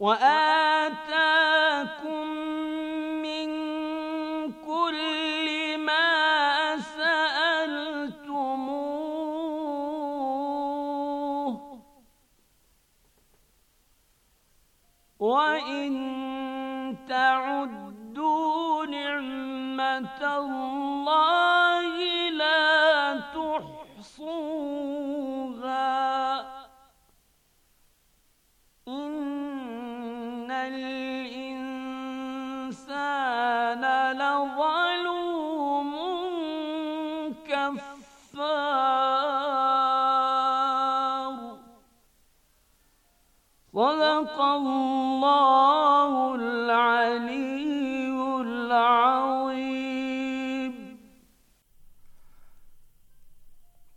وآل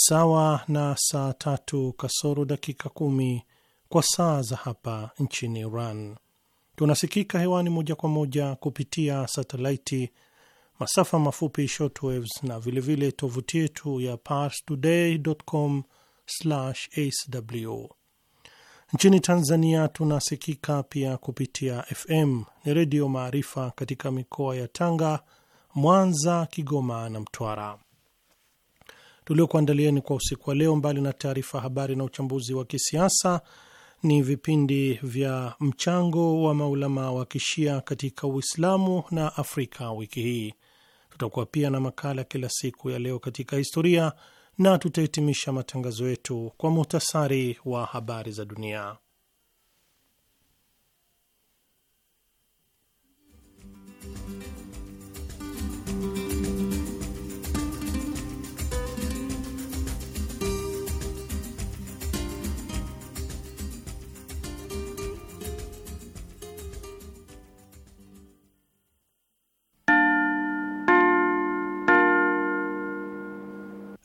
sawa na saa tatu kasoro dakika kumi kwa saa za hapa nchini Iran. Tunasikika hewani moja kwa moja kupitia satelaiti, masafa mafupi shotwaves na vilevile tovuti yetu ya com sw Nchini Tanzania tunasikika pia kupitia FM ni Redio Maarifa katika mikoa ya Tanga, Mwanza, Kigoma na Mtwara tuliokuandalieni kwa usiku wa leo, mbali na taarifa habari na uchambuzi wa kisiasa, ni vipindi vya mchango wa maulama wa kishia katika Uislamu na Afrika wiki hii. Tutakuwa pia na makala kila siku ya leo katika historia na tutahitimisha matangazo yetu kwa muhtasari wa habari za dunia.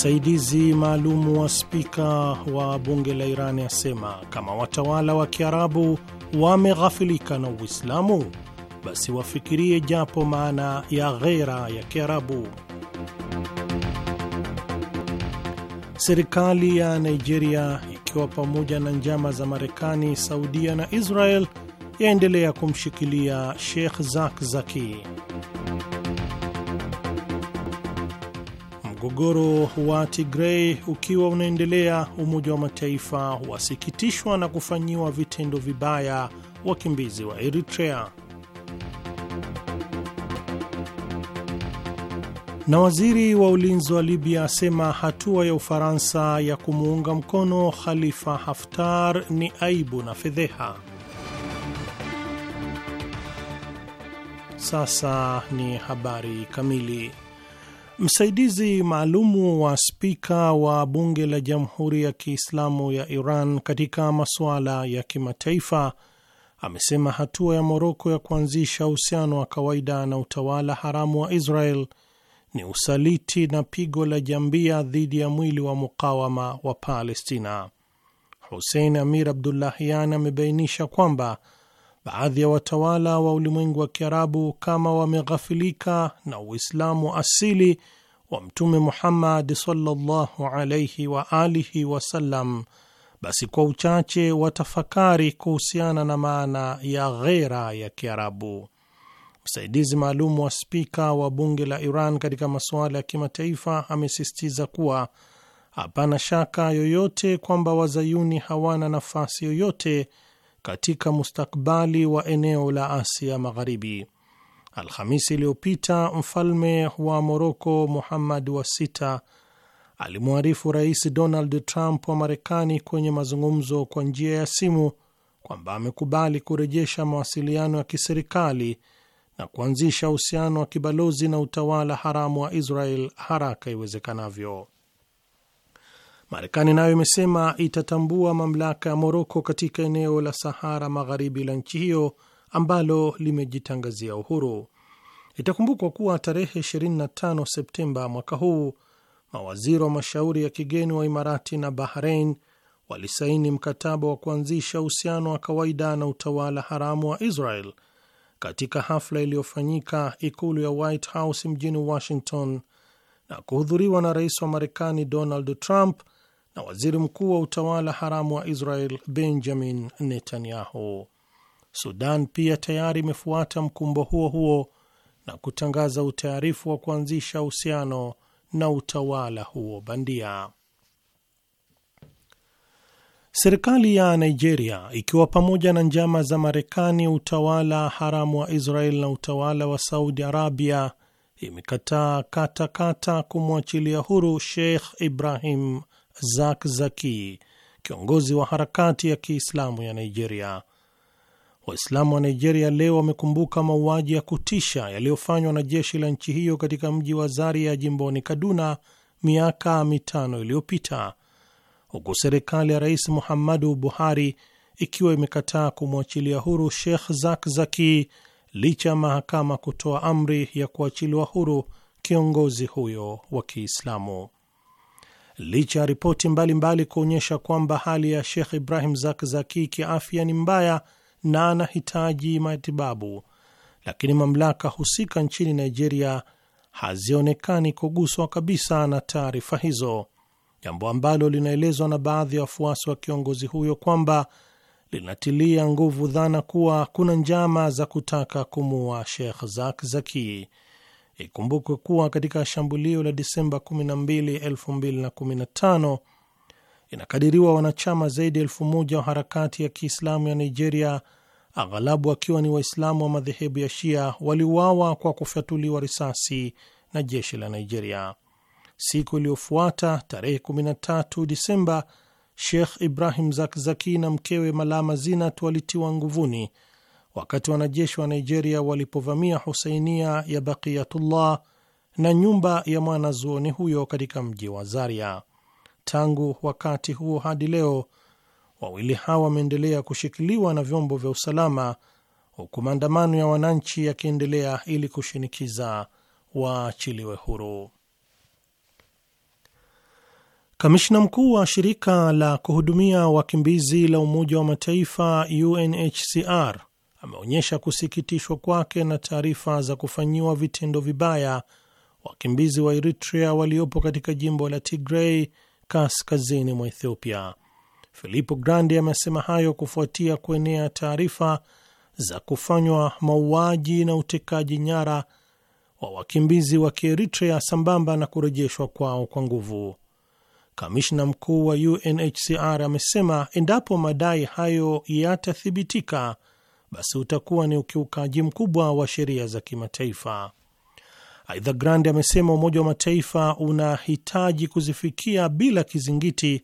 Msaidizi maalumu wa spika wa bunge la Irani asema kama watawala wa Kiarabu wameghafilika na Uislamu, basi wafikirie japo maana ya ghera ya Kiarabu. Serikali ya Nigeria ikiwa pamoja na njama za Marekani, Saudia na Israel yaendelea kumshikilia Sheikh Zakzaki Mgogoro wa Tigrei ukiwa unaendelea, Umoja wa Mataifa wasikitishwa na kufanyiwa vitendo vibaya wakimbizi wa Eritrea. Na waziri wa ulinzi wa Libya asema hatua ya Ufaransa ya kumuunga mkono Khalifa Haftar ni aibu na fedheha. Sasa ni habari kamili. Msaidizi maalumu wa spika wa bunge la Jamhuri ya Kiislamu ya Iran katika masuala ya kimataifa amesema hatua ya Moroko ya kuanzisha uhusiano wa kawaida na utawala haramu wa Israel ni usaliti na pigo la jambia dhidi ya mwili wa mukawama wa Palestina. husein Amir Abdullahian amebainisha kwamba baadhi ya watawala wa ulimwengu wa Kiarabu kama wameghafilika na Uislamu asili wa Mtume Muhammad sallallahu alaihi wa alihi wasallam, basi kwa uchache watafakari kuhusiana na maana ya ghera ya Kiarabu. Msaidizi maalum wa spika wa bunge la Iran katika masuala ya kimataifa amesisitiza kuwa hapana shaka yoyote kwamba wazayuni hawana nafasi yoyote katika mustakbali wa eneo la Asia Magharibi. Alhamisi iliyopita mfalme wa Moroko Muhammad wa sita alimwarifu Rais Donald Trump wa Marekani kwenye mazungumzo kwa njia ya simu kwamba amekubali kurejesha mawasiliano ya kiserikali na kuanzisha uhusiano wa kibalozi na utawala haramu wa Israel haraka iwezekanavyo. Marekani nayo imesema itatambua mamlaka ya Moroko katika eneo la Sahara Magharibi la nchi hiyo ambalo limejitangazia uhuru. Itakumbukwa kuwa tarehe 25 Septemba mwaka huu mawaziri wa mashauri ya kigeni wa Imarati na Bahrain walisaini mkataba wa kuanzisha uhusiano wa kawaida na utawala haramu wa Israel katika hafla iliyofanyika ikulu ya White House mjini Washington na kuhudhuriwa na rais wa Marekani Donald Trump na waziri mkuu wa utawala haramu wa Israel Benjamin Netanyahu. Sudan pia tayari imefuata mkumbo huo huo na kutangaza utayarifu wa kuanzisha uhusiano na utawala huo bandia. Serikali ya Nigeria ikiwa pamoja na njama za Marekani, utawala haramu wa Israel na utawala wa Saudi Arabia imekataa kata katakata kumwachilia huru Sheikh Ibrahim Zaki, kiongozi wa harakati ya Kiislamu ya Nigeria. Waislamu wa Nigeria leo wamekumbuka mauaji ya kutisha yaliyofanywa na jeshi la nchi hiyo katika mji wa Zaria jimboni Kaduna miaka mitano iliyopita, huku serikali ya Rais Muhammadu Buhari ikiwa imekataa kumwachilia huru Sheikh Zaki licha ya mahakama kutoa amri ya kuachiliwa huru kiongozi huyo wa Kiislamu licha ya ripoti mbalimbali kuonyesha kwamba hali ya Sheikh Ibrahim Zakzaki kiafya ni mbaya na anahitaji matibabu, lakini mamlaka husika nchini Nigeria hazionekani kuguswa kabisa na taarifa hizo, jambo ambalo linaelezwa na baadhi ya wafuasi wa kiongozi huyo kwamba linatilia nguvu dhana kuwa kuna njama za kutaka kumuua Sheikh Zakzaki. Ikumbukwe kuwa katika shambulio la Disemba 12, 2015 inakadiriwa wanachama zaidi ya elfu moja wa harakati ya Kiislamu ya Nigeria, aghalabu wakiwa ni Waislamu wa madhehebu ya Shia, waliuawa kwa kufyatuliwa risasi na jeshi la Nigeria. Siku iliyofuata tarehe 13 Disemba, Sheikh Ibrahim Zakzaki na mkewe Malama Zinat walitiwa nguvuni wakati wanajeshi wa Nigeria walipovamia husainia ya Baqiyatullah na nyumba ya mwanazuoni huyo katika mji wa Zaria. Tangu wakati huo hadi leo wawili hawa wameendelea kushikiliwa na vyombo vya usalama, huku maandamano ya wananchi yakiendelea ili kushinikiza waachiliwe huru. Kamishna mkuu wa shirika la kuhudumia wakimbizi la Umoja wa Mataifa UNHCR ameonyesha kusikitishwa kwake na taarifa za kufanyiwa vitendo vibaya wakimbizi wa Eritrea waliopo katika jimbo la Tigrei kaskazini mwa Ethiopia. Filippo Grandi amesema hayo kufuatia kuenea taarifa za kufanywa mauaji na utekaji nyara wa wakimbizi wa Kieritrea sambamba na kurejeshwa kwao kwa nguvu. Kamishna mkuu wa UNHCR amesema endapo madai hayo yatathibitika, basi utakuwa ni ukiukaji mkubwa wa sheria za kimataifa. Aidha, Grandi amesema Umoja wa Mataifa unahitaji kuzifikia bila kizingiti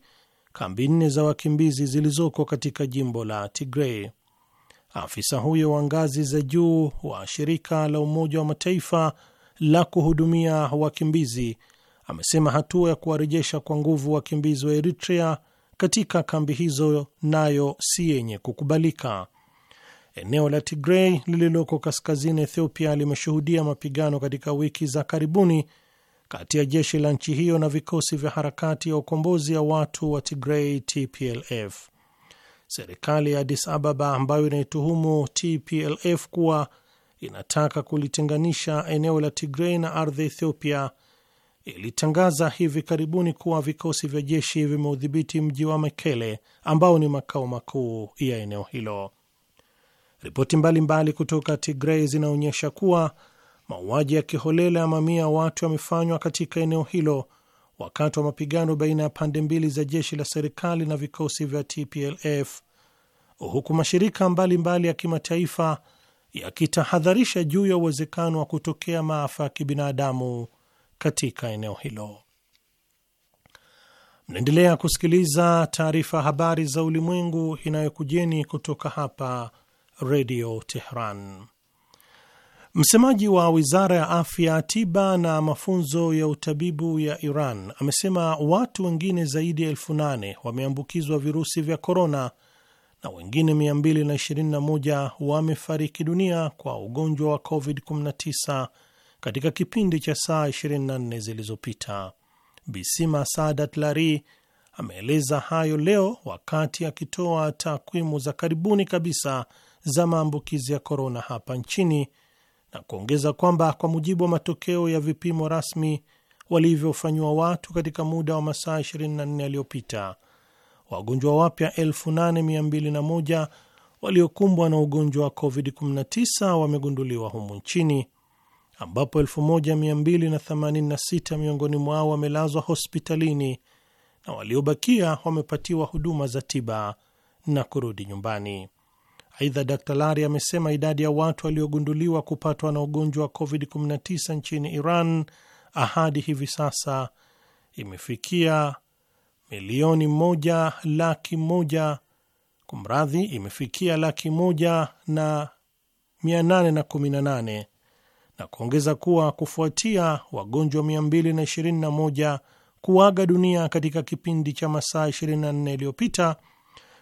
kambi nne za wakimbizi zilizoko katika jimbo la tigrei Afisa huyo wa ngazi za juu wa shirika la Umoja wa Mataifa la kuhudumia wakimbizi amesema hatua ya kuwarejesha kwa nguvu wakimbizi wa Eritrea katika kambi hizo nayo si yenye kukubalika. Eneo la Tigrei lililoko kaskazini Ethiopia limeshuhudia mapigano katika wiki za karibuni kati ya jeshi la nchi hiyo na vikosi vya harakati ya ukombozi ya watu wa Tigrei, TPLF. Serikali ya Adis Ababa ambayo inaituhumu TPLF kuwa inataka kulitenganisha eneo la Tigrei na ardhi Ethiopia ilitangaza hivi karibuni kuwa vikosi vya jeshi vimeudhibiti mji wa Mekele ambao ni makao makuu ya eneo hilo. Ripoti mbalimbali kutoka Tigrei zinaonyesha kuwa mauaji ya kiholela ya mamia ya watu yamefanywa katika eneo hilo wakati wa mapigano baina ya pande mbili za jeshi la serikali na vikosi vya TPLF, huku mashirika mbalimbali mbali ya kimataifa yakitahadharisha juu ya uwezekano wa kutokea maafa ya kibinadamu katika eneo hilo. Mnaendelea kusikiliza taarifa habari za ulimwengu inayokujeni kutoka hapa Redio Tehran. Msemaji wa wizara ya afya, tiba na mafunzo ya utabibu ya Iran amesema watu wengine zaidi ya elfu nane wameambukizwa virusi vya korona na wengine 221 wamefariki dunia kwa ugonjwa wa COVID-19 katika kipindi cha saa 24 zilizopita. Bisima Sadat Lari ameeleza hayo leo wakati akitoa takwimu za karibuni kabisa za maambukizi ya korona hapa nchini na kuongeza kwamba kwa mujibu wa matokeo ya vipimo rasmi walivyofanyiwa watu katika muda wa masaa 24 yaliyopita, wagonjwa wapya 8201 waliokumbwa na ugonjwa wa COVID-19 wamegunduliwa humu nchini ambapo 1286 miongoni mwao wamelazwa hospitalini na waliobakia wamepatiwa huduma za tiba na kurudi nyumbani. Aidha, Dr Lari amesema idadi ya watu waliogunduliwa kupatwa na ugonjwa wa COVID-19 nchini Iran ahadi hivi sasa imefikia milioni moja laki moja kumradhi, imefikia laki moja na mia nane na kumi na nane na kuongeza kuwa kufuatia wagonjwa 221 kuaga dunia katika kipindi cha masaa 24 iliyopita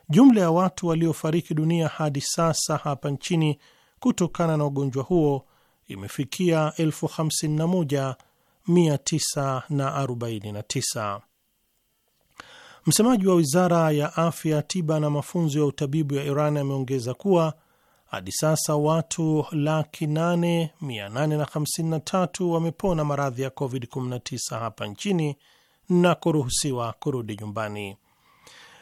Jumla ya watu waliofariki dunia hadi sasa hapa nchini kutokana na ugonjwa huo imefikia 51949. Msemaji wa wizara ya afya, tiba na mafunzo ya utabibu ya Iran ameongeza kuwa hadi sasa watu laki 8853 wamepona maradhi ya COVID-19 hapa nchini na kuruhusiwa kurudi nyumbani.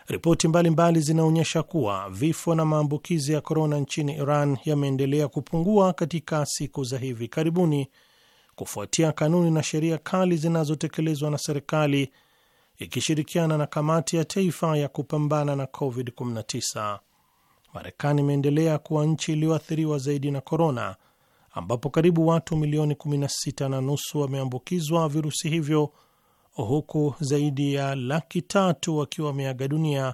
Ripoti mbalimbali zinaonyesha kuwa vifo na maambukizi ya korona nchini Iran yameendelea kupungua katika siku za hivi karibuni kufuatia kanuni na sheria kali zinazotekelezwa na serikali ikishirikiana na kamati ya taifa ya kupambana na COVID-19. Marekani imeendelea kuwa nchi iliyoathiriwa zaidi na korona ambapo karibu watu milioni 16 na nusu wameambukizwa virusi hivyo huku zaidi ya laki tatu wakiwa wameaga dunia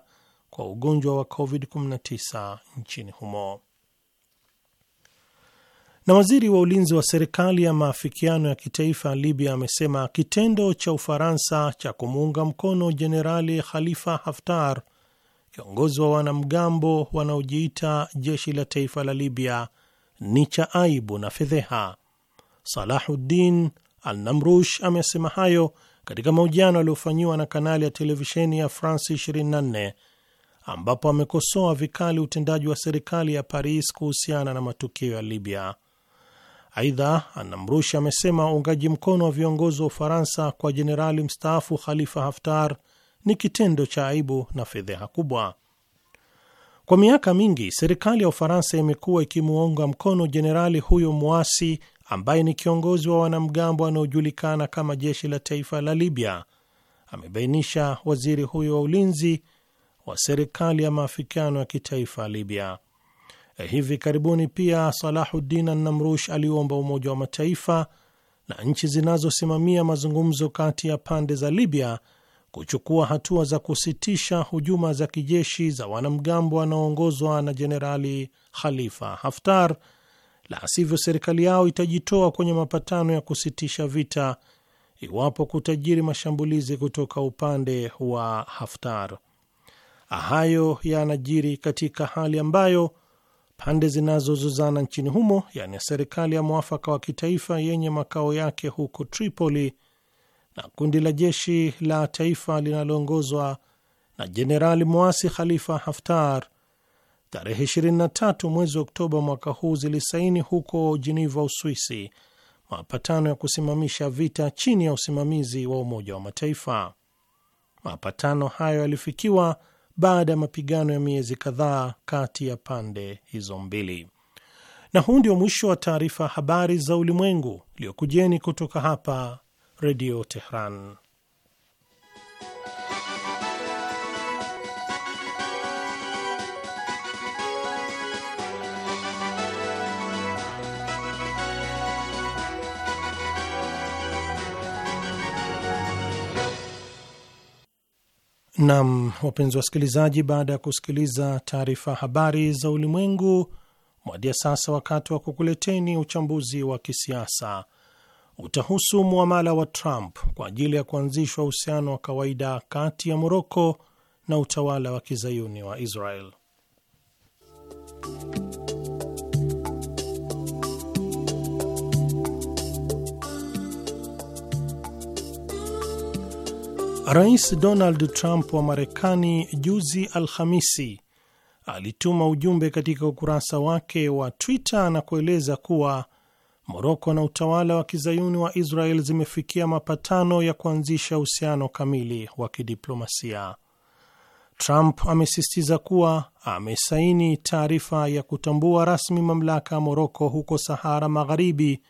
kwa ugonjwa wa COVID-19 nchini humo. Na waziri wa ulinzi wa serikali ya maafikiano ya kitaifa Libya amesema kitendo cha Ufaransa cha kumuunga mkono Jenerali Khalifa Haftar, kiongozi wa wanamgambo wanaojiita jeshi la taifa la Libya, ni cha aibu na fedheha. Salahuddin Al-Namrush amesema hayo katika mahojiano aliyofanyiwa na kanali ya televisheni ya France 24 ambapo amekosoa vikali utendaji wa serikali ya Paris kuhusiana na matukio ya Libya. Aidha, Anamrushi amesema uungaji mkono wa viongozi wa Ufaransa kwa jenerali mstaafu Khalifa Haftar ni kitendo cha aibu na fedheha kubwa. Kwa miaka mingi serikali ya Ufaransa imekuwa ikimuunga mkono jenerali huyo mwasi ambaye ni kiongozi wa wanamgambo wanaojulikana kama jeshi la taifa la Libya, amebainisha waziri huyo wa ulinzi wa serikali ya maafikiano ya kitaifa Libya. Eh, hivi karibuni pia Salahuddin Annamrush aliomba Umoja wa Mataifa na nchi zinazosimamia mazungumzo kati ya pande za Libya kuchukua hatua za kusitisha hujuma za kijeshi za wanamgambo wanaoongozwa na Jenerali Khalifa Haftar la sivyo serikali yao itajitoa kwenye mapatano ya kusitisha vita iwapo kutajiri mashambulizi kutoka upande wa Haftar. Hayo yanajiri katika hali ambayo pande zinazozozana nchini humo, yaani serikali ya mwafaka wa kitaifa yenye makao yake huko Tripoli na kundi la jeshi la taifa linaloongozwa na jenerali mwasi Khalifa Haftar tarehe 23 mwezi Oktoba mwaka huu zilisaini huko Jeneva, Uswisi, mapatano ya kusimamisha vita chini ya usimamizi wa Umoja wa Mataifa. Mapatano hayo yalifikiwa baada ya mapigano ya miezi kadhaa kati ya pande hizo mbili. Na huu ndio mwisho wa taarifa habari za ulimwengu iliyokujeni kutoka hapa Redio Tehran. Nam, wapenzi wasikilizaji, baada ya kusikiliza taarifa habari za ulimwengu, mwadia sasa wakati wa kukuleteni uchambuzi wa kisiasa. Utahusu mwamala wa Trump kwa ajili ya kuanzishwa uhusiano wa kawaida kati ya Moroko na utawala wa kizayuni wa Israel. Rais Donald Trump wa Marekani juzi Alhamisi alituma ujumbe katika ukurasa wake wa Twitter na kueleza kuwa Moroko na utawala wa kizayuni wa Israel zimefikia mapatano ya kuanzisha uhusiano kamili wa kidiplomasia. Trump amesisitiza kuwa amesaini taarifa ya kutambua rasmi mamlaka ya Moroko huko Sahara Magharibi,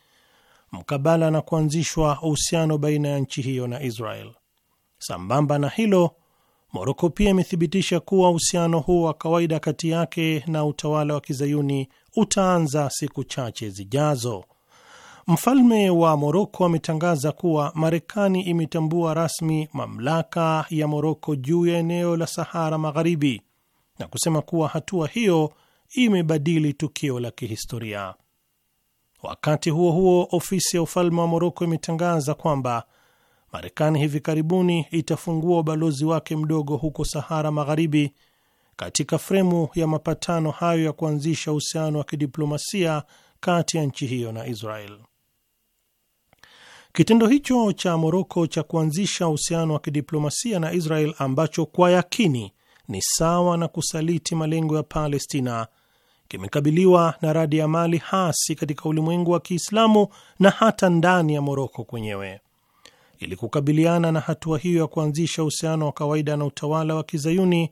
mkabala na kuanzishwa uhusiano baina ya nchi hiyo na Israel. Sambamba na hilo, Moroko pia imethibitisha kuwa uhusiano huo wa kawaida kati yake na utawala wa kizayuni utaanza siku chache zijazo. Mfalme wa Moroko ametangaza kuwa Marekani imetambua rasmi mamlaka ya Moroko juu ya eneo la Sahara Magharibi na kusema kuwa hatua hiyo imebadili tukio la kihistoria. Wakati huo huo, ofisi ya ufalme wa Moroko imetangaza kwamba Marekani hivi karibuni itafungua ubalozi wake mdogo huko Sahara Magharibi katika fremu ya mapatano hayo ya kuanzisha uhusiano wa kidiplomasia kati ya nchi hiyo na Israel. Kitendo hicho cha Moroko cha kuanzisha uhusiano wa kidiplomasia na Israel, ambacho kwa yakini ni sawa na kusaliti malengo ya Palestina, kimekabiliwa na radi ya mali hasi katika ulimwengu wa Kiislamu na hata ndani ya Moroko kwenyewe. Ili kukabiliana na hatua hiyo ya kuanzisha uhusiano wa kawaida na utawala wa Kizayuni,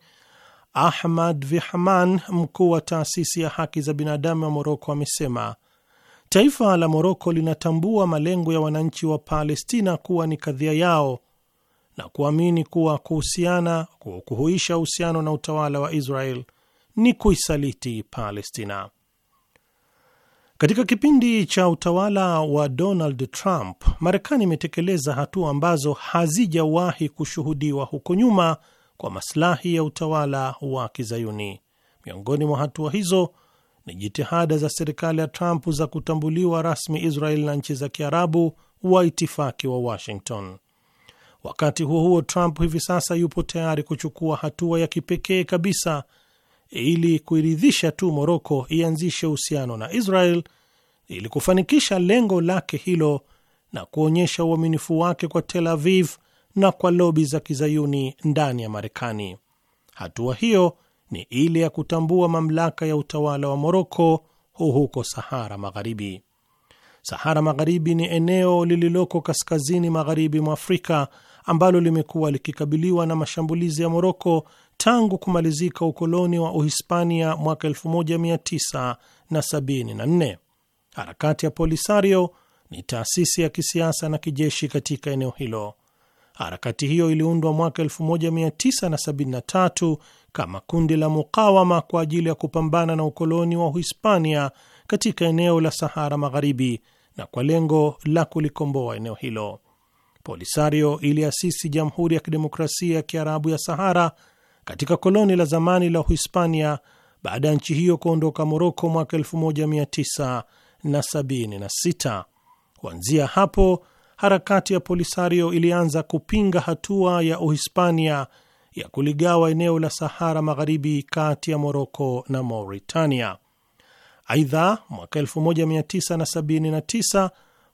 Ahmad Vihman, mkuu wa taasisi ya haki za binadamu ya Moroko, amesema taifa la Moroko linatambua malengo ya wananchi wa Palestina kuwa ni kadhia yao na kuamini kuwa kuhusiana kuhuisha uhusiano na utawala wa Israel ni kuisaliti Palestina. Katika kipindi cha utawala wa Donald Trump, Marekani imetekeleza hatua ambazo hazijawahi kushuhudiwa huko nyuma kwa maslahi ya utawala wa Kizayuni. Miongoni mwa hatua hizo ni jitihada za serikali ya Trump za kutambuliwa rasmi Israel na nchi za Kiarabu wa itifaki wa Washington. Wakati huo huo, Trump hivi sasa yupo tayari kuchukua hatua ya kipekee kabisa ili kuiridhisha tu Moroko ianzishe uhusiano na Israel ili kufanikisha lengo lake hilo na kuonyesha uaminifu wake kwa Tel Aviv na kwa lobi za kizayuni ndani ya Marekani. Hatua hiyo ni ile ya kutambua mamlaka ya utawala wa Moroko huko Sahara Magharibi. Sahara Magharibi ni eneo lililoko kaskazini magharibi mwa Afrika ambalo limekuwa likikabiliwa na mashambulizi ya Moroko tangu kumalizika ukoloni wa Uhispania mwaka 1974. Harakati ya Polisario ni taasisi ya kisiasa na kijeshi katika eneo hilo. Harakati hiyo iliundwa mwaka 1973 kama kundi la mukawama kwa ajili ya kupambana na ukoloni wa Uhispania katika eneo la Sahara Magharibi na kwa lengo la kulikomboa eneo hilo. Polisario iliasisi Jamhuri ya Kidemokrasia ya Kiarabu ya Sahara katika koloni la zamani la Uhispania baada ya nchi hiyo kuondoka Moroko mwaka 1976. Kuanzia hapo harakati ya Polisario ilianza kupinga hatua ya Uhispania ya kuligawa eneo la Sahara Magharibi kati ya Moroko na Mauritania. Aidha, mwaka 1979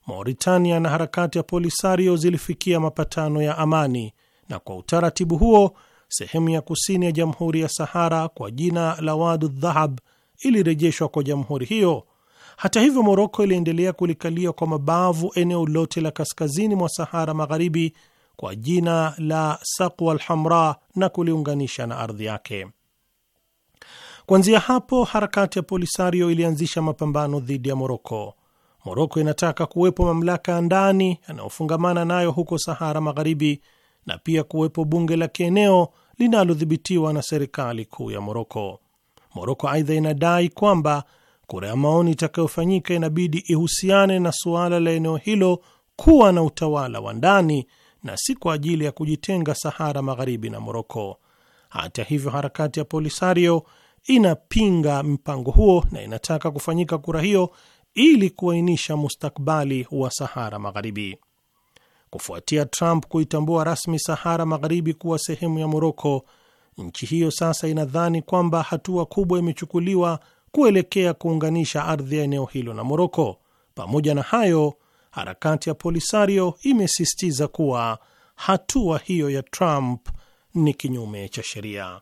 Mauritania na harakati ya Polisario zilifikia mapatano ya amani, na kwa utaratibu huo sehemu ya kusini ya jamhuri ya Sahara kwa jina la Wadu Dhahab ilirejeshwa kwa jamhuri hiyo. Hata hivyo, Moroko iliendelea kulikalia kwa mabavu eneo lote la kaskazini mwa Sahara Magharibi kwa jina la Sakwa Alhamra na kuliunganisha na ardhi yake. Kuanzia hapo, harakati ya Polisario ilianzisha mapambano dhidi ya Moroko. Moroko inataka kuwepo mamlaka ya ndani yanayofungamana nayo huko Sahara Magharibi na pia kuwepo bunge la kieneo linalodhibitiwa na serikali kuu ya Moroko. Moroko aidha inadai kwamba kura ya maoni itakayofanyika inabidi ihusiane na suala la eneo hilo kuwa na utawala wa ndani na si kwa ajili ya kujitenga Sahara Magharibi na Moroko. Hata hivyo, harakati ya Polisario inapinga mpango huo na inataka kufanyika kura hiyo ili kuainisha mustakbali wa Sahara Magharibi. Kufuatia Trump kuitambua rasmi Sahara Magharibi kuwa sehemu ya Moroko, nchi hiyo sasa inadhani kwamba hatua kubwa imechukuliwa kuelekea kuunganisha ardhi ya eneo hilo na Moroko. Pamoja na hayo, harakati ya Polisario imesisitiza kuwa hatua hiyo ya Trump ni kinyume cha sheria.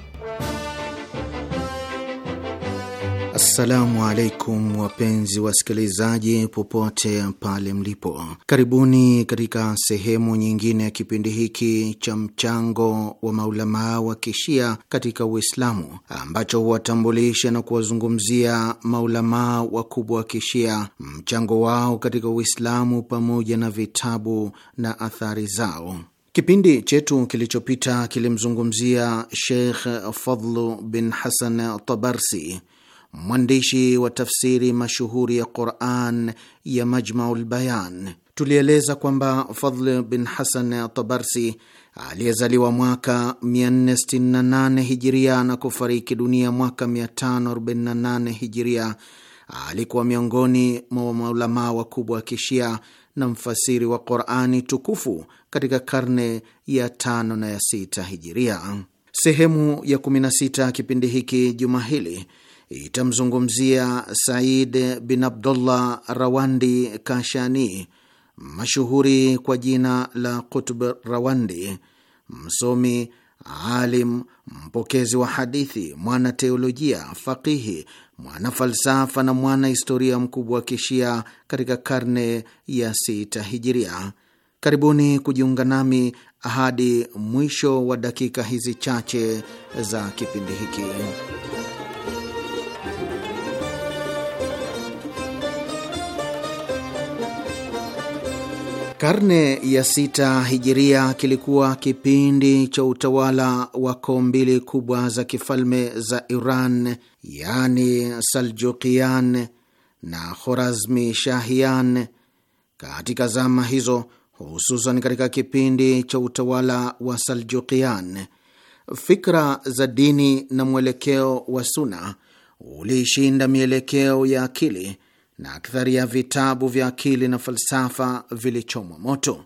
Assalamu alaikum wapenzi wasikilizaji, popote pale mlipo, karibuni katika sehemu nyingine ya kipindi hiki cha mchango wa maulamaa wa kishia katika Uislamu ambacho huwatambulisha na kuwazungumzia maulamaa wakubwa wa kishia, mchango wao katika Uislamu pamoja na vitabu na athari zao. Kipindi chetu kilichopita kilimzungumzia Sheikh Fadlu bin Hasan Tabarsi mwandishi wa tafsiri mashuhuri ya Quran ya Majmaul Bayan. Tulieleza kwamba fadl bin Hasan Tabarsi aliyezaliwa mwaka 468 hijiria na kufariki dunia mwaka 548 hijiria alikuwa miongoni mwa maulamaa wakubwa wa kishia na mfasiri wa Qurani tukufu katika karne ya tano na ya sita hijiria. Sehemu ya 16 kipindi hiki juma hili itamzungumzia Said bin Abdullah Rawandi Kashani, mashuhuri kwa jina la kutb Rawandi, msomi alim, mpokezi wa hadithi, mwana teolojia, faqihi, mwana falsafa na mwana historia mkubwa wa kishia katika karne ya sita hijiria. Karibuni kujiunga nami hadi mwisho wa dakika hizi chache za kipindi hiki. Karne ya sita hijiria kilikuwa kipindi cha utawala wa koo mbili kubwa za kifalme za Iran, yaani Saljukian na Khorazmi Shahian. Katika zama hizo, hususan katika kipindi cha utawala wa Saljukian, fikra za dini na mwelekeo wa Suna ulishinda mielekeo ya akili na akthari ya vitabu vya akili na falsafa vilichomwa moto.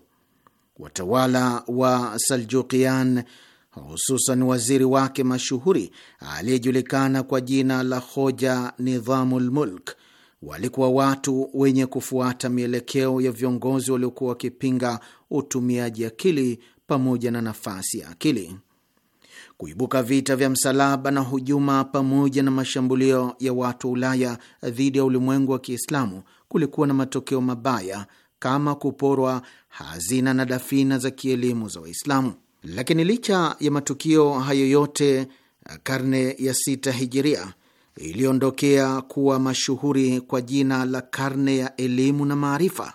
Watawala wa Saljukian, hususan waziri wake mashuhuri aliyejulikana kwa jina la Hoja Nidhamul Mulk, walikuwa watu wenye kufuata mielekeo ya viongozi waliokuwa wakipinga utumiaji akili pamoja na nafasi ya akili kuibuka vita vya msalaba na hujuma pamoja na mashambulio ya watu wa Ulaya dhidi ya ulimwengu wa Kiislamu kulikuwa na matokeo mabaya kama kuporwa hazina na dafina za kielimu za Waislamu. Lakini licha ya matukio hayo yote, karne ya sita hijiria iliondokea kuwa mashuhuri kwa jina la karne ya elimu na maarifa.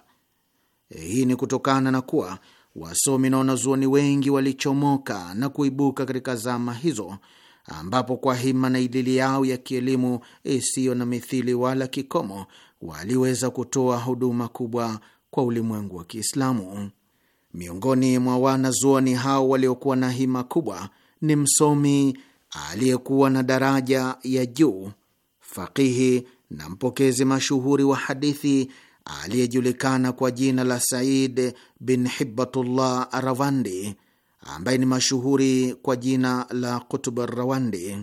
Hii ni kutokana na kuwa Wasomi na wanazuoni wengi walichomoka na kuibuka katika zama hizo, ambapo kwa hima na idili yao ya kielimu isiyo na mithili wala kikomo waliweza kutoa huduma kubwa kwa ulimwengu wa Kiislamu. Miongoni mwa wanazuoni hao waliokuwa na hima kubwa ni msomi aliyekuwa na daraja ya juu, fakihi na mpokezi mashuhuri wa hadithi aliyejulikana kwa jina la Said bin Hibatullah Rawandi, ambaye ni mashuhuri kwa jina la Kutub Rawandi.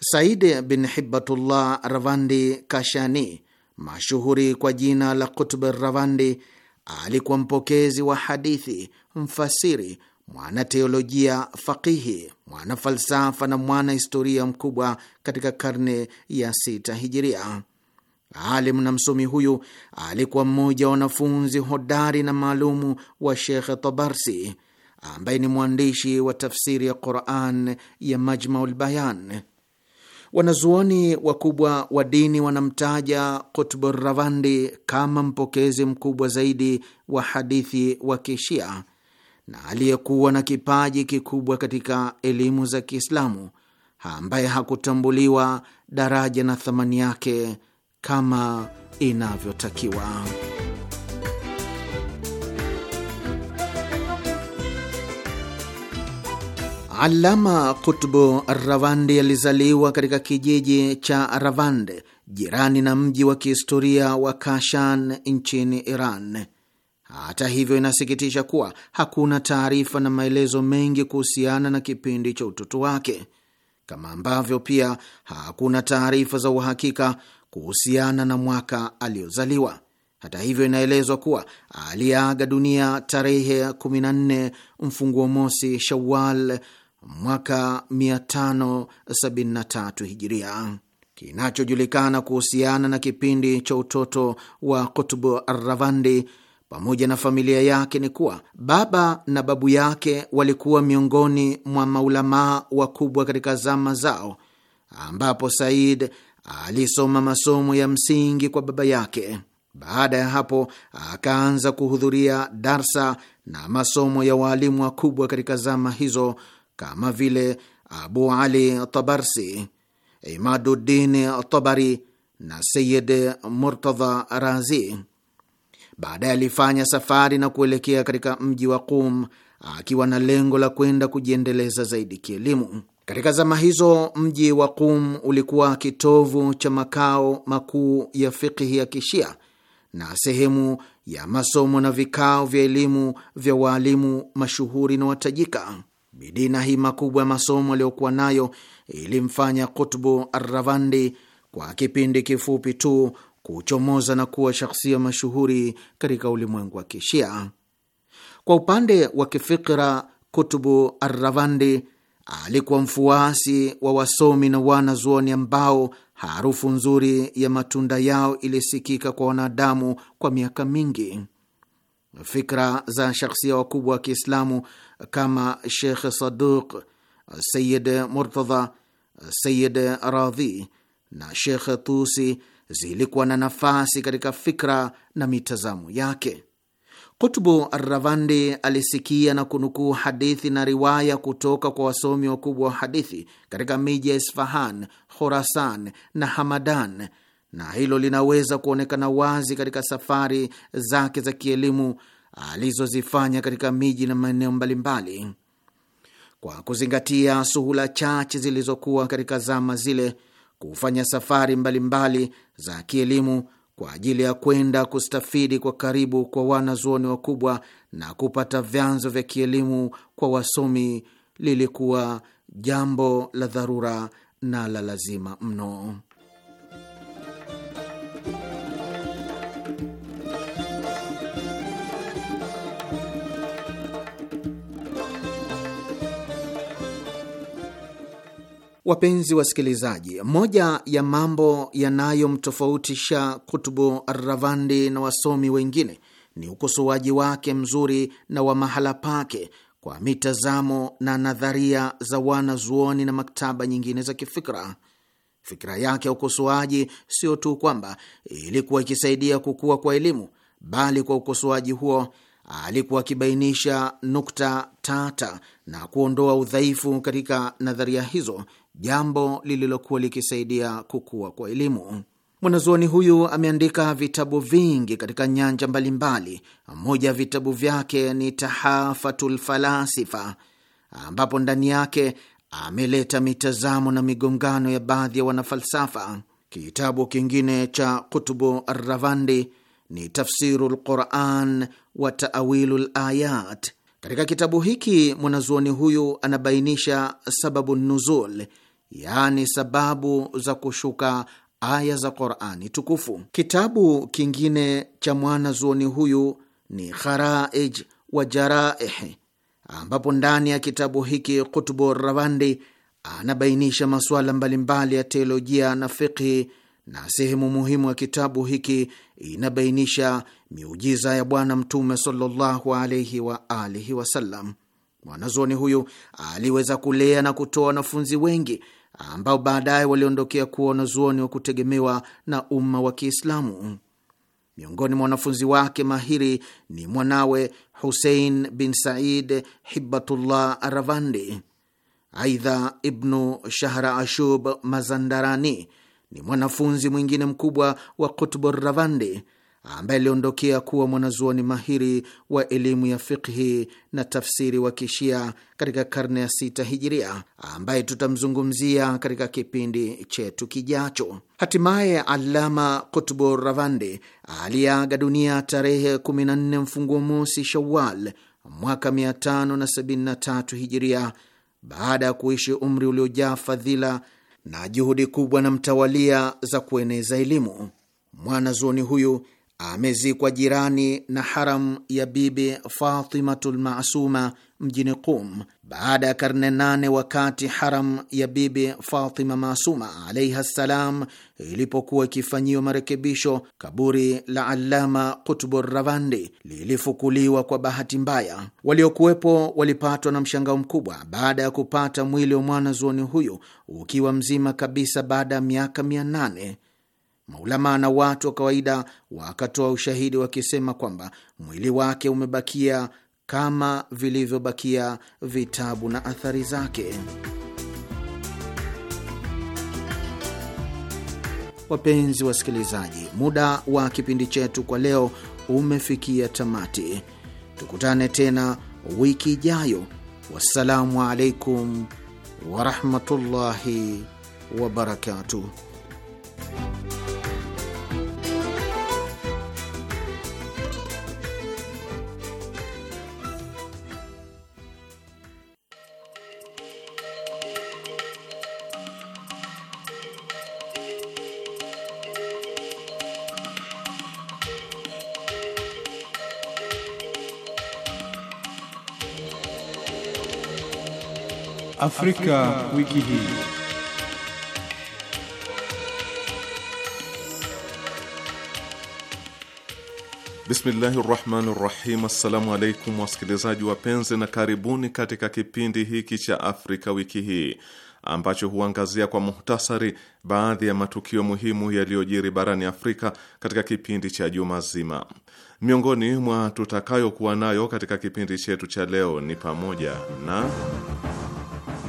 Said bin Hibatullah Ravandi Kashani, mashuhuri kwa jina la Kutub Rawandi, alikuwa mpokezi wa hadithi, mfasiri, mwanateolojia, faqihi, mwana falsafa na mwana historia mkubwa katika karne ya sita hijiria. Alim na msomi huyu alikuwa mmoja wa wanafunzi hodari na maalumu wa shekh Tabarsi ambaye ni mwandishi wa tafsiri ya Quran ya Majmaul Bayan. Wanazuoni wakubwa wa dini wanamtaja Kutbu Ravandi kama mpokezi mkubwa zaidi wa hadithi wa Kishia na aliyekuwa na kipaji kikubwa katika elimu za Kiislamu, ambaye hakutambuliwa daraja na thamani yake kama inavyotakiwa. Alama Kutbu Ravandi alizaliwa katika kijiji cha Ravande jirani na mji wa kihistoria wa Kashan nchini Iran. Hata hivyo, inasikitisha kuwa hakuna taarifa na maelezo mengi kuhusiana na kipindi cha utoto wake, kama ambavyo pia hakuna taarifa za uhakika kuhusiana na mwaka aliozaliwa. Hata hivyo, inaelezwa kuwa aliaga dunia tarehe 14 mfunguo mosi Shawal mwaka 573 hijiria. Kinachojulikana kuhusiana na kipindi cha utoto wa Kutubu Arravandi pamoja na familia yake ni kuwa baba na babu yake walikuwa miongoni mwa maulamaa wakubwa katika zama zao, ambapo Said alisoma masomo ya msingi kwa baba yake. Baada ya hapo akaanza kuhudhuria darsa na masomo ya waalimu wakubwa katika zama hizo kama vile Abu Ali Tabarsi, Imaduddin Tabari na Sayid Murtadha Razi. Baadaye alifanya safari na kuelekea katika mji wa Qum akiwa na lengo la kwenda kujiendeleza zaidi kielimu. Katika zama hizo mji wa Qum ulikuwa kitovu cha makao makuu ya fikihi ya Kishia na sehemu ya masomo na vikao vya elimu vya waalimu mashuhuri na watajika. Bidii na hima kubwa ya masomo aliyokuwa nayo ilimfanya Kutbu Arravandi kwa kipindi kifupi tu kuchomoza na kuwa shakhsia mashuhuri katika ulimwengu wa Kishia. Kwa upande wa kifikra, Kutbu Arravandi alikuwa mfuasi wa wasomi na wanazuoni ambao harufu nzuri ya matunda yao ilisikika kwa wanadamu kwa miaka mingi. Fikra za shakhsia wakubwa wa Kiislamu kama Shekh Saduq, Sayid Murtadha, Sayid Radhi na Shekh Tusi zilikuwa na nafasi katika fikra na mitazamo yake. Kutbu Arravandi alisikia na kunukuu hadithi na riwaya kutoka kwa wasomi wakubwa wa hadithi katika miji ya Isfahan, Khorasan na Hamadan, na hilo linaweza kuonekana wazi katika safari zake za kielimu alizozifanya katika miji na maeneo mbalimbali. Kwa kuzingatia suhula chache zilizokuwa katika zama zile, kufanya safari mbalimbali mbali za kielimu kwa ajili ya kwenda kustafidi kwa karibu kwa wanazuoni wakubwa na kupata vyanzo vya kielimu kwa wasomi lilikuwa jambo la dharura na la lazima mno. Wapenzi wasikilizaji, moja ya mambo yanayomtofautisha Kutubu Arravandi na wasomi wengine ni ukosoaji wake mzuri na wa mahala pake kwa mitazamo na nadharia za wanazuoni na maktaba nyingine za kifikra. Fikira yake ya ukosoaji sio tu kwamba ilikuwa ikisaidia kukua kwa elimu, bali kwa ukosoaji huo alikuwa akibainisha nukta tata na kuondoa udhaifu katika nadharia hizo jambo lililokuwa likisaidia kukua kwa elimu. Mwanazuoni huyu ameandika vitabu vingi katika nyanja mbalimbali. Moja ya vitabu vyake ni Tahafatul Falasifa, ambapo ndani yake ameleta mitazamo na migongano ya baadhi ya wanafalsafa. Kitabu kingine cha Kutubu Arravandi ni Tafsiru lquran wa Taawilu layat katika kitabu hiki mwanazuoni huyu anabainisha sababu nuzul, yaani sababu za kushuka aya za Qurani tukufu. Kitabu kingine cha mwanazuoni huyu ni Kharaij wa Jaraihi, ambapo ndani ya kitabu hiki Kutbu Rawandi anabainisha masuala mbalimbali ya teolojia na fiqhi na sehemu muhimu ya kitabu hiki inabainisha miujiza ya Bwana Mtume sallallahu alaihi wa alihi wasallam. Mwanazuoni huyu aliweza kulea na kutoa wanafunzi wengi ambao baadaye waliondokea kuwa wanazuoni wa kutegemewa na umma wa Kiislamu. Miongoni mwa wanafunzi wake mahiri ni mwanawe Husein bin Said Hibatullah Ravandi. Aidha, Ibnu Shahra Ashub Mazandarani ni mwanafunzi mwingine mkubwa wa Kutbur Ravandi ambaye aliondokea kuwa mwanazuoni mahiri wa elimu ya fikhi na tafsiri wa kishia katika karne ya sita hijiria, ambaye tutamzungumzia katika kipindi chetu kijacho. Hatimaye Alama Kutbu Ravandi aliyeaga dunia tarehe 14 mfunguo mosi Shawal mwaka 573 hijiria baada ya kuishi umri uliojaa fadhila na juhudi kubwa na mtawalia za kueneza elimu. Mwanazuoni huyu amezikwa jirani na haram ya Bibi Fatimatul Masuma mjini Qum baada ya karne nane, wakati haram ya Bibi Fatima Masuma alaiha ssalam ilipokuwa ikifanyiwa marekebisho, kaburi la alama Kutbu Ravandi lilifukuliwa kwa bahati mbaya. Waliokuwepo walipatwa na mshangao mkubwa baada ya kupata mwili wa mwanazuoni huyu ukiwa mzima kabisa baada ya miaka mia nane. Maulama na watu wa kawaida wakatoa ushahidi wakisema kwamba mwili wake umebakia kama vilivyobakia vitabu na athari zake. Wapenzi wasikilizaji, muda wa kipindi chetu kwa leo umefikia tamati. Tukutane tena wiki ijayo. Wassalamu alaikum warahmatullahi wabarakatuh. Afrika, wiki hii. Bismillahi rahmani rahim. Assalamu alaikum wasikilizaji wapenzi, na karibuni katika kipindi hiki cha Afrika wiki hii ambacho huangazia kwa muhtasari baadhi ya matukio muhimu yaliyojiri barani Afrika katika kipindi cha juma zima. Miongoni mwa tutakayokuwa nayo katika kipindi chetu cha leo ni pamoja na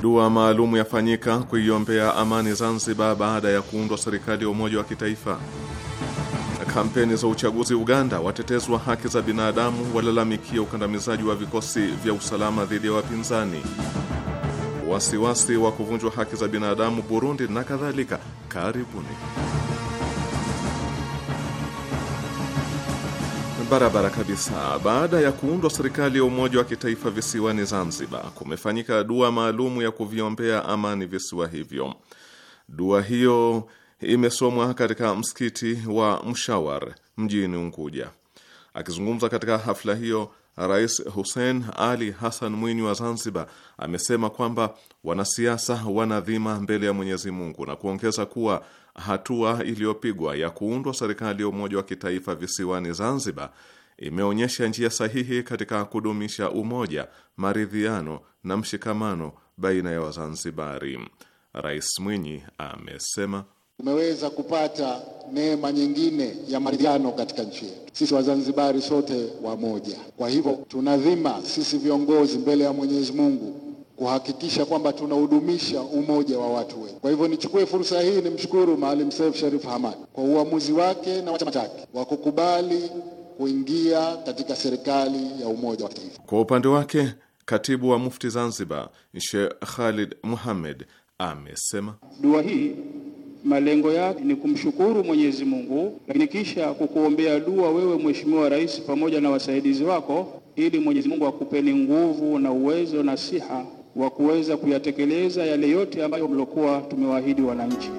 Dua maalumu yafanyika kuiombea amani Zanzibar baada ya kuundwa serikali ya umoja wa kitaifa. Kampeni za uchaguzi Uganda, watetezwa haki za binadamu walalamikia ukandamizaji wa vikosi vya usalama dhidi ya wapinzani. Wasiwasi wa kuvunjwa haki za binadamu Burundi na kadhalika. Karibuni. barabara kabisa. Baada ya kuundwa serikali ya umoja wa kitaifa visiwani Zanzibar, kumefanyika dua maalumu ya kuviombea amani visiwa hivyo. Dua hiyo imesomwa katika msikiti wa Mshawar mjini Unguja. Akizungumza katika hafla hiyo, Rais Hussein Ali Hassan Mwinyi wa Zanzibar amesema kwamba wanasiasa wana dhima mbele ya Mwenyezi Mungu na kuongeza kuwa hatua iliyopigwa ya kuundwa serikali ya umoja wa kitaifa visiwani Zanzibar imeonyesha njia sahihi katika kudumisha umoja, maridhiano na mshikamano baina ya Wazanzibari. Rais Mwinyi amesema tumeweza kupata neema nyingine ya maridhiano katika nchi yetu. Sisi Wazanzibari sote wamoja, kwa hivyo tunadhima sisi viongozi mbele ya Mwenyezi Mungu kuhakikisha kwamba tunahudumisha umoja wa watu wetu. Kwa hivyo nichukue fursa hii nimshukuru Maalim Seif Sharif Hamad kwa uamuzi wake na chama chake wa kukubali kuingia katika serikali ya umoja wa kitaifa. Kwa upande wake, katibu wa Mufti Zanzibar Sheikh Khalid Muhammad amesema dua hii malengo yake ni kumshukuru Mwenyezi Mungu, lakini kisha kukuombea dua wewe Mheshimiwa Rais pamoja na wasaidizi wako, ili Mwenyezi Mungu akupeni nguvu na uwezo na siha wa kuweza kuyatekeleza yale yote ambayo mlokuwa tumewaahidi wananchi.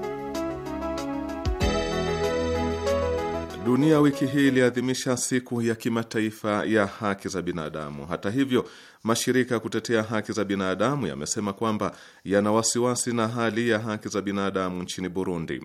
Dunia wiki hii iliadhimisha siku ya kimataifa ya haki za binadamu. Hata hivyo, mashirika ya kutetea haki za binadamu yamesema kwamba yana wasiwasi na hali ya haki za binadamu nchini Burundi.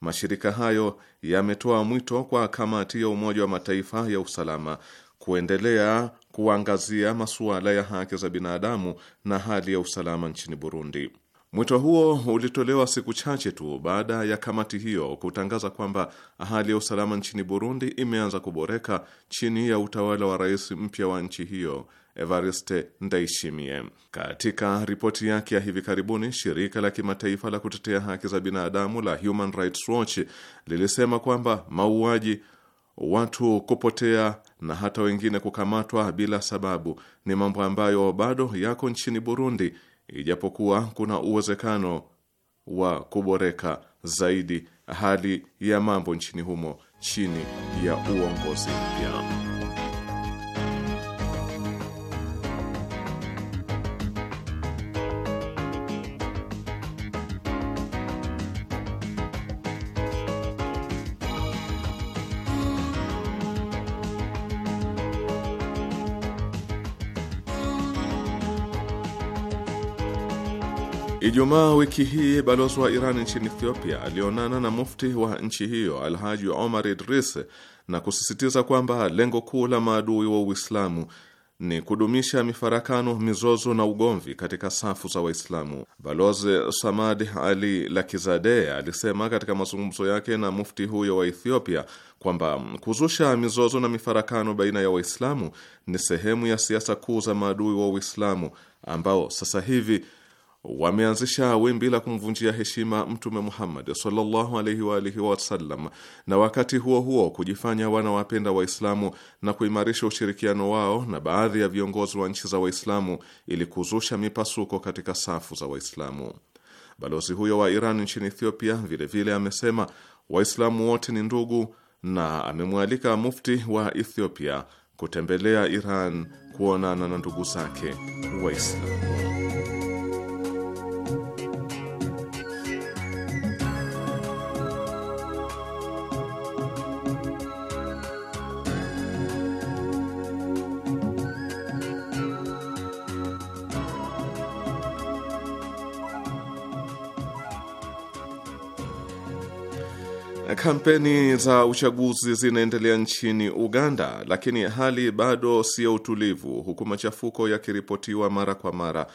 Mashirika hayo yametoa mwito kwa kamati ya Umoja wa Mataifa ya usalama kuendelea kuangazia masuala ya haki za binadamu na hali ya usalama nchini Burundi. Mwito huo ulitolewa siku chache tu baada ya kamati hiyo kutangaza kwamba hali ya usalama nchini Burundi imeanza kuboreka chini ya utawala wa rais mpya wa nchi hiyo Evariste Ndayishimiye. Katika ripoti yake ya hivi karibuni, shirika la kimataifa la kutetea haki za binadamu la Human Rights Watch lilisema kwamba mauaji, watu kupotea na hata wengine kukamatwa bila sababu ni mambo ambayo bado yako nchini Burundi, ijapokuwa kuna uwezekano wa kuboreka zaidi hali ya mambo nchini humo chini ya uongozi mpya. Ijumaa wiki hii balozi wa Iran nchini Ethiopia alionana na mufti wa nchi hiyo Alhaji Omar Idris na kusisitiza kwamba lengo kuu la maadui wa Uislamu ni kudumisha mifarakano, mizozo na ugomvi katika safu za Waislamu. Balozi Samad Ali lakizade alisema katika mazungumzo yake na mufti huyo wa Ethiopia kwamba kuzusha mizozo na mifarakano baina ya Waislamu ni sehemu ya siasa kuu za maadui wa Uislamu ambao sasa hivi wameanzisha wimbi la kumvunjia heshima Mtume Muhammad sallallahu alaihi wa alihi wasallam, na wakati huo huo kujifanya wanawapenda Waislamu na kuimarisha ushirikiano wao na baadhi ya viongozi wa nchi za Waislamu ili kuzusha mipasuko katika safu za Waislamu. Balozi huyo wa Iran nchini Ethiopia vilevile vile amesema Waislamu wote ni ndugu, na amemwalika mufti wa Ethiopia kutembelea Iran kuonana na ndugu zake Waislamu. Kampeni za uchaguzi zinaendelea nchini Uganda, lakini hali bado siyo utulivu, huku machafuko yakiripotiwa mara kwa mara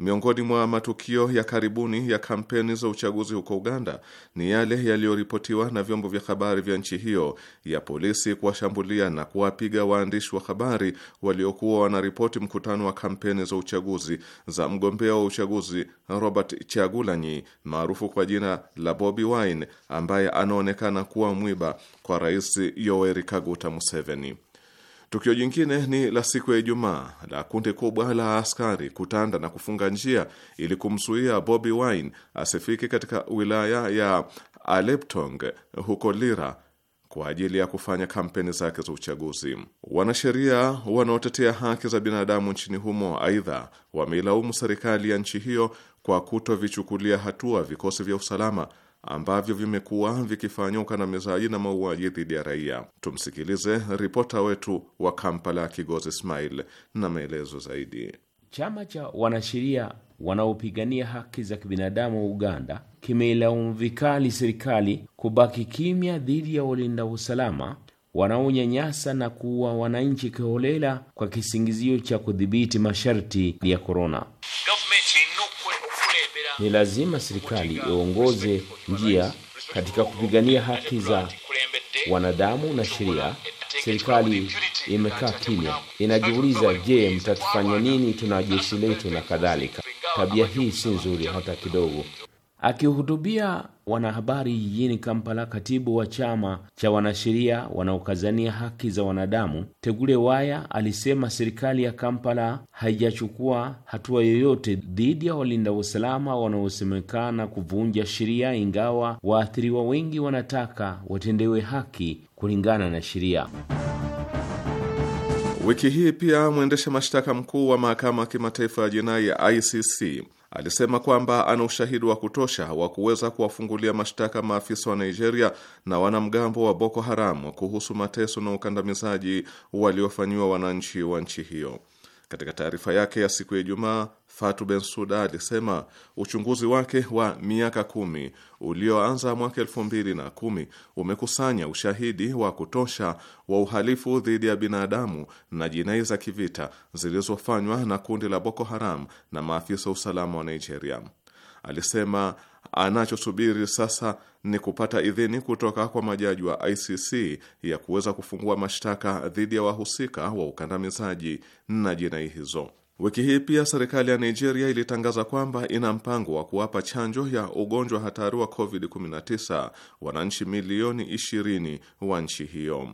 Miongoni mwa matukio ya karibuni ya kampeni za uchaguzi huko Uganda ni yale yaliyoripotiwa na vyombo vya habari vya nchi hiyo ya polisi kuwashambulia na kuwapiga waandishi wa habari waliokuwa wanaripoti mkutano wa kampeni za uchaguzi za mgombea wa uchaguzi Robert Chagulanyi maarufu kwa jina la Bobi Wine ambaye anaonekana kuwa mwiba kwa Rais Yoweri Kaguta Museveni. Tukio jingine ni la siku ya Ijumaa la kundi kubwa la askari kutanda na kufunga njia ili kumzuia Bobi Wine asifike katika wilaya ya Aleptong huko Lira kwa ajili ya kufanya kampeni zake za uchaguzi. Wanasheria wanaotetea haki za binadamu nchini humo, aidha, wameilaumu serikali ya nchi hiyo kwa kutovichukulia hatua vikosi vya usalama ambavyo vimekuwa vikifanywa ukandamizaji na mauaji dhidi ya raia. Tumsikilize ripota wetu wa Kampala, Kigozi Ismail, na maelezo zaidi. Chama cha wanasheria wanaopigania haki za kibinadamu wa Uganda kimeilaumu vikali serikali kubaki kimya dhidi ya walinda usalama wanaonyanyasa na kuua wananchi kiholela kwa kisingizio cha kudhibiti masharti ya korona. Government ni lazima serikali iongoze njia katika kupigania haki za wanadamu na sheria. Serikali imekaa kimya, inajiuliza, je, mtatufanya nini? Tuna jeshi letu na kadhalika. Tabia hii si nzuri hata kidogo. Akihutubia wanahabari jijini Kampala, katibu wa chama cha wanasheria wanaokazania haki za wanadamu Tegule Waya alisema serikali ya Kampala haijachukua hatua yoyote dhidi ya walinda usalama wanaosemekana kuvunja sheria, ingawa waathiriwa wengi wanataka watendewe haki kulingana na sheria. Wiki hii pia mwendesha mashtaka mkuu wa mahakama ya kimataifa ya jinai ya ICC Alisema kwamba ana ushahidi wa kutosha wa kuweza kuwafungulia mashtaka maafisa wa Nigeria na wanamgambo wa Boko Haram kuhusu mateso na ukandamizaji waliofanyiwa wananchi wa nchi hiyo. Katika taarifa yake ya siku ya Ijumaa, Fatu Bensuda alisema uchunguzi wake wa miaka kumi ulioanza mwaka elfu mbili na kumi umekusanya ushahidi wa kutosha wa uhalifu dhidi ya binadamu na jinai za kivita zilizofanywa na kundi la Boko Haram na maafisa wa usalama wa Nigeria. Alisema anachosubiri sasa ni kupata idhini kutoka kwa majaji wa ICC ya kuweza kufungua mashtaka dhidi ya wahusika wa ukandamizaji na jinai hizo. Wiki hii pia serikali ya Nigeria ilitangaza kwamba ina mpango wa kuwapa chanjo ya ugonjwa hatari wa COVID-19 wananchi milioni 20 wa nchi hiyo.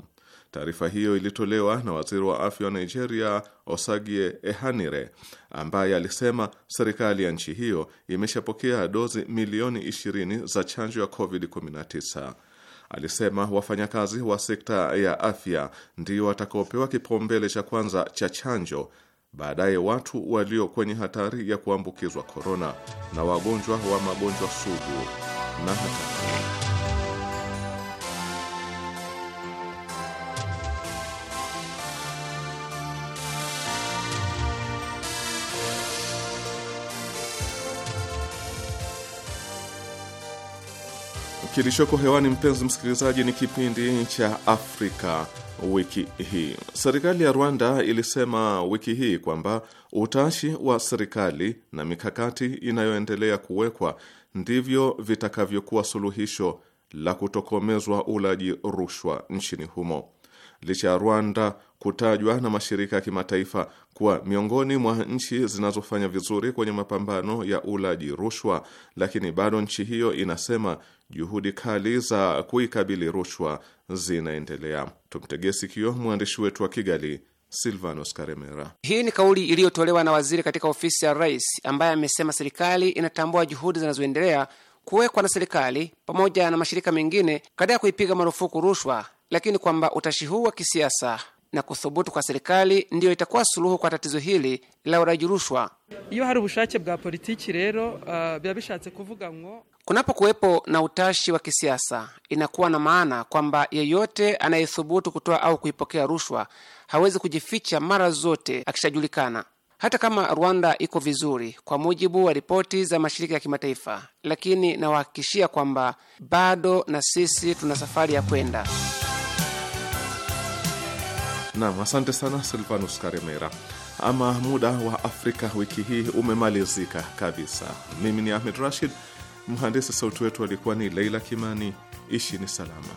Taarifa hiyo ilitolewa na waziri wa afya wa Nigeria, Osagie Ehanire, ambaye alisema serikali ya nchi hiyo imeshapokea dozi milioni 20 za chanjo ya COVID-19. Alisema wafanyakazi wa sekta ya afya ndio watakaopewa kipaumbele cha kwanza cha chanjo baadaye watu walio kwenye hatari ya kuambukizwa korona na wagonjwa wa magonjwa sugu na hatari Kilichoko hewani mpenzi msikilizaji, ni kipindi cha Afrika wiki hii. Serikali ya Rwanda ilisema wiki hii kwamba utashi wa serikali na mikakati inayoendelea kuwekwa ndivyo vitakavyokuwa suluhisho la kutokomezwa ulaji rushwa nchini humo. Licha ya Rwanda kutajwa na mashirika ya kimataifa kuwa miongoni mwa nchi zinazofanya vizuri kwenye mapambano ya ulaji rushwa, lakini bado nchi hiyo inasema juhudi kali za kuikabili rushwa zinaendelea. Tumtegee sikio mwandishi wetu wa Kigali, Silvanos Karemera. Hii ni kauli iliyotolewa na waziri katika ofisi ya rais, ambaye amesema serikali inatambua juhudi zinazoendelea kuwekwa na serikali pamoja na mashirika mengine katika kuipiga marufuku rushwa, lakini kwamba utashi huu wa kisiasa na kuthubutu kwa serikali ndiyo itakuwa suluhu kwa tatizo hili la uraji rushwa. Uh, kuwepo na utashi wa kisiasa, inakuwa na maana kwamba yeyote anayethubutu kutoa au kuipokea rushwa hawezi kujificha mara zote akishajulikana. Hata kama Rwanda iko vizuri kwa mujibu wa ripoti za mashirika ya kimataifa, lakini nawahakikishia kwamba bado na sisi tuna safari ya kwenda. Nam, asante sana Silvanus Karemera. Ama muda wa Afrika wiki hii umemalizika kabisa. Mimi ni Ahmed Rashid, mhandisi sauti wetu alikuwa ni Leila Kimani. Ishi ni salama.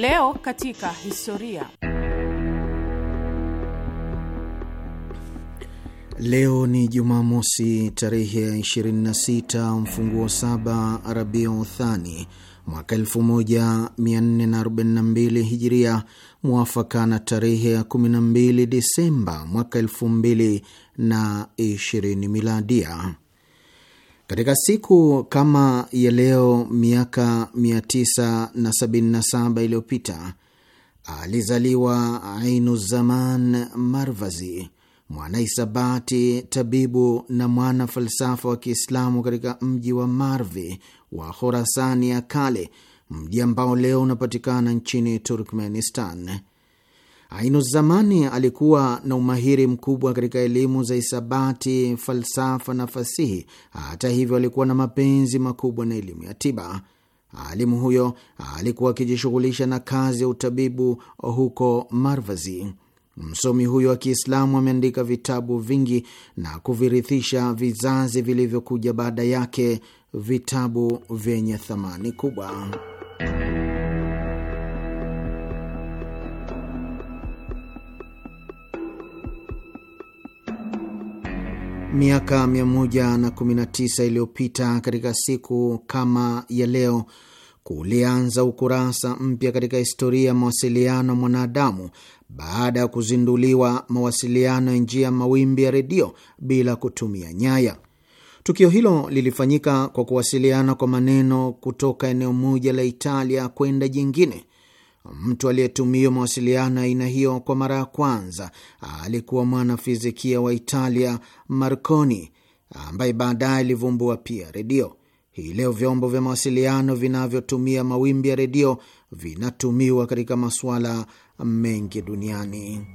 Leo katika historia. Leo ni Jumamosi tarehe ya 26 mfunguo saba Rabiu Thani mwaka 1442 Hijiria, mwafaka na tarehe ya 12 Disemba mwaka 2020 Miladia. Katika siku kama ya leo miaka 977 iliyopita alizaliwa Ainu Zaman Marvazi, mwanaisabati, tabibu na mwana falsafa wa Kiislamu katika mji wa Marvi wa Khorasani ya kale, mji ambao leo unapatikana nchini Turkmenistan. Zamani alikuwa na umahiri mkubwa katika elimu za hisabati, falsafa na fasihi. Hata hivyo, alikuwa na mapenzi makubwa na elimu ya tiba. Alimu huyo alikuwa akijishughulisha na kazi ya utabibu huko Marvazi. Msomi huyo wa Kiislamu ameandika vitabu vingi na kuvirithisha vizazi vilivyokuja baada yake, vitabu vyenye thamani kubwa. Miaka 119 iliyopita katika siku kama ya leo kulianza ukurasa mpya katika historia ya mawasiliano ya mwanadamu baada ya kuzinduliwa mawasiliano ya njia mawimbi ya redio bila kutumia nyaya. Tukio hilo lilifanyika kwa kuwasiliana kwa maneno kutoka eneo moja la Italia kwenda jingine Mtu aliyetumia mawasiliano aina hiyo kwa mara ya kwanza alikuwa mwanafizikia wa Italia Marconi, ambaye baadaye alivumbua pia redio. Hii leo vyombo vya mawasiliano vinavyotumia mawimbi ya redio vinatumiwa katika masuala mengi duniani.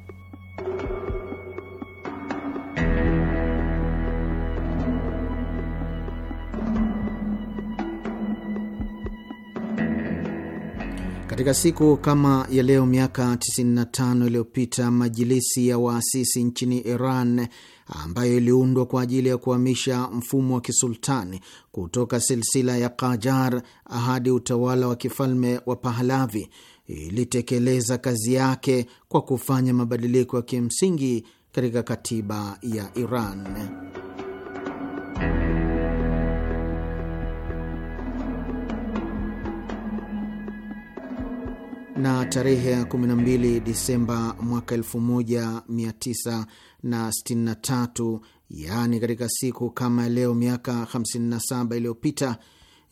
Katika siku kama ya leo miaka 95 iliyopita majilisi ya waasisi nchini Iran ambayo iliundwa kwa ajili ya kuhamisha mfumo wa kisultani kutoka silsila ya kajar hadi utawala wa kifalme wa Pahlavi ilitekeleza kazi yake kwa kufanya mabadiliko ya kimsingi katika katiba ya Iran. na tarehe ya 12 Disemba mwaka 1963, yaani katika siku kama leo miaka 57 iliyopita,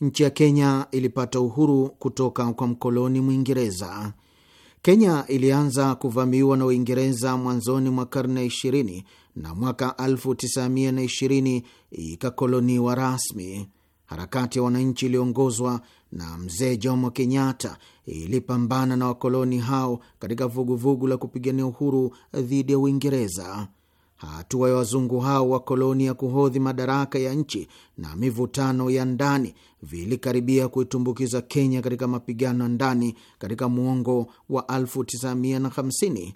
nchi ya Kenya ilipata uhuru kutoka kwa mkoloni Mwingereza. Kenya ilianza kuvamiwa na Uingereza mwanzoni mwa karne 20 na mwaka 1920 ikakoloniwa rasmi. Harakati ya wananchi iliongozwa na mzee Jomo Kenyatta ilipambana na wakoloni hao katika vuguvugu la kupigania uhuru dhidi ya Uingereza. Hatua ya wazungu hao wakoloni ya kuhodhi madaraka ya nchi na mivutano ya ndani vilikaribia kuitumbukiza Kenya katika mapigano ya ndani katika muongo wa 1950.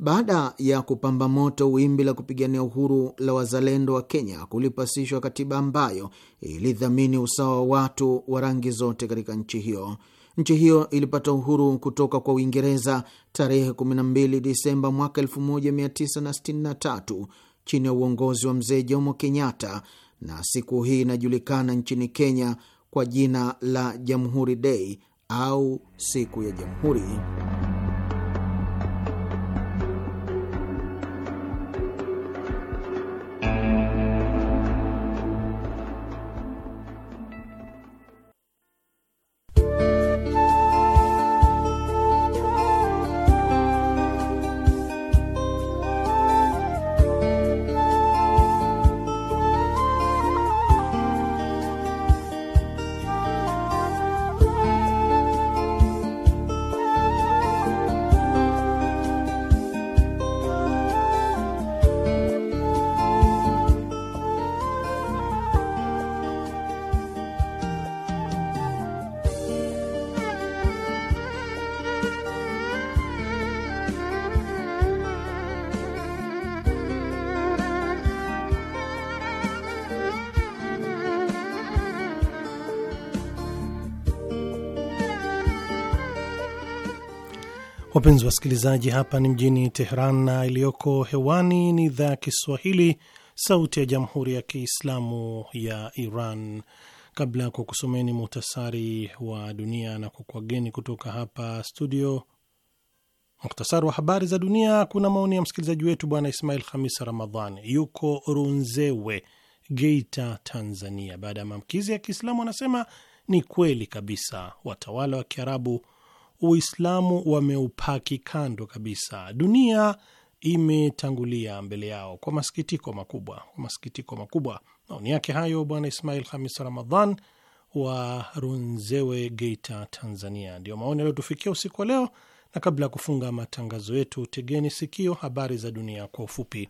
Baada ya kupamba moto wimbi la kupigania uhuru la wazalendo wa Kenya, kulipasishwa katiba ambayo ilidhamini usawa wa watu wa rangi zote katika nchi hiyo. Nchi hiyo ilipata uhuru kutoka kwa Uingereza tarehe 12 Disemba mwaka 1963 chini ya uongozi wa mzee Jomo Kenyatta, na siku hii inajulikana nchini Kenya kwa jina la Jamhuri Day au siku ya Jamhuri. Wapenzi wasikilizaji, hapa ni mjini teheran na iliyoko hewani ni idhaa ya Kiswahili, Sauti ya Jamhuri ya Kiislamu ya Iran. Kabla ya kukusomeni muhtasari wa dunia na kukwageni kutoka hapa studio, muhtasari wa habari za dunia, kuna maoni ya msikilizaji wetu Bwana Ismail Khamis Ramadhan, yuko Runzewe, Geita, Tanzania. Baada ya maamkizi ya Kiislamu, anasema ni kweli kabisa, watawala wa Kiarabu Uislamu wameupaki kando kabisa. Dunia imetangulia mbele yao kwa masikitiko makubwa, kwa masikitiko makubwa. Maoni yake hayo Bwana Ismail Hamis Ramadhan wa Runzewe, Geita, Tanzania. Ndiyo maoni yaliyotufikia usiku wa leo, na kabla ya kufunga matangazo yetu, tegeni sikio habari za dunia kwa ufupi.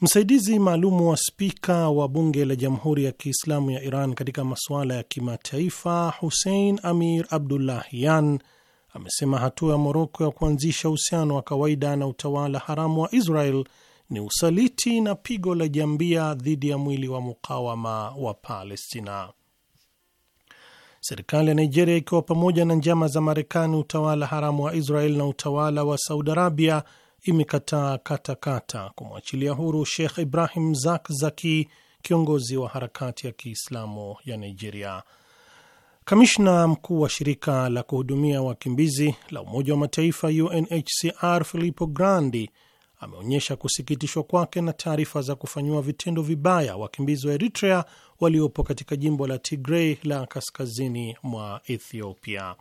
Msaidizi maalumu wa spika wa bunge la Jamhuri ya Kiislamu ya Iran katika masuala ya kimataifa Hussein Amir Abdullahian amesema hatua ya Moroko ya kuanzisha uhusiano wa kawaida na utawala haramu wa Israel ni usaliti na pigo la jambia dhidi ya mwili wa mukawama wa Palestina. Serikali ya Nigeria ikiwa pamoja na njama za Marekani, utawala haramu wa Israel na utawala wa Saudi Arabia imekataa katakata kumwachilia huru Sheikh Ibrahim Zakzaki, kiongozi wa harakati ya Kiislamu ya Nigeria. Kamishna mkuu wa shirika la kuhudumia wakimbizi la Umoja wa Mataifa UNHCR Filippo Grandi ameonyesha kusikitishwa kwake na taarifa za kufanyiwa vitendo vibaya wakimbizi wa Eritrea waliopo katika jimbo la tigrei la kaskazini mwa Ethiopia.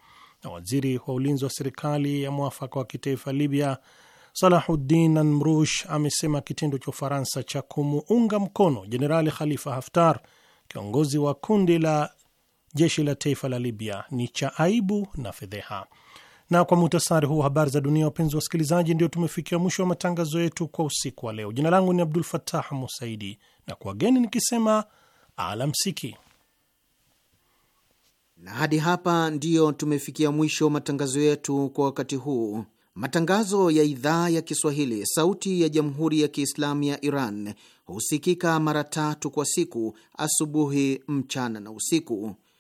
Na waziri wa ulinzi wa serikali ya mwafaka wa kitaifa Libya Salahuddin Anmrush amesema kitendo cha Ufaransa cha kumuunga mkono Jenerali Khalifa Haftar, kiongozi wa kundi la jeshi la taifa la Libya ni cha aibu na fedheha. Na kwa muhtasari huu habari za dunia, wapenzi wa wasikilizaji, ndio tumefikia mwisho wa matangazo yetu kwa usiku wa leo. Jina langu ni Abdul Fatah Musaidi na kwa geni nikisema alamsiki, na hadi hapa ndiyo tumefikia mwisho wa matangazo yetu kwa wakati huu. Matangazo ya idhaa ya Kiswahili sauti ya jamhuri ya Kiislamu ya Iran husikika mara tatu kwa siku: asubuhi, mchana na usiku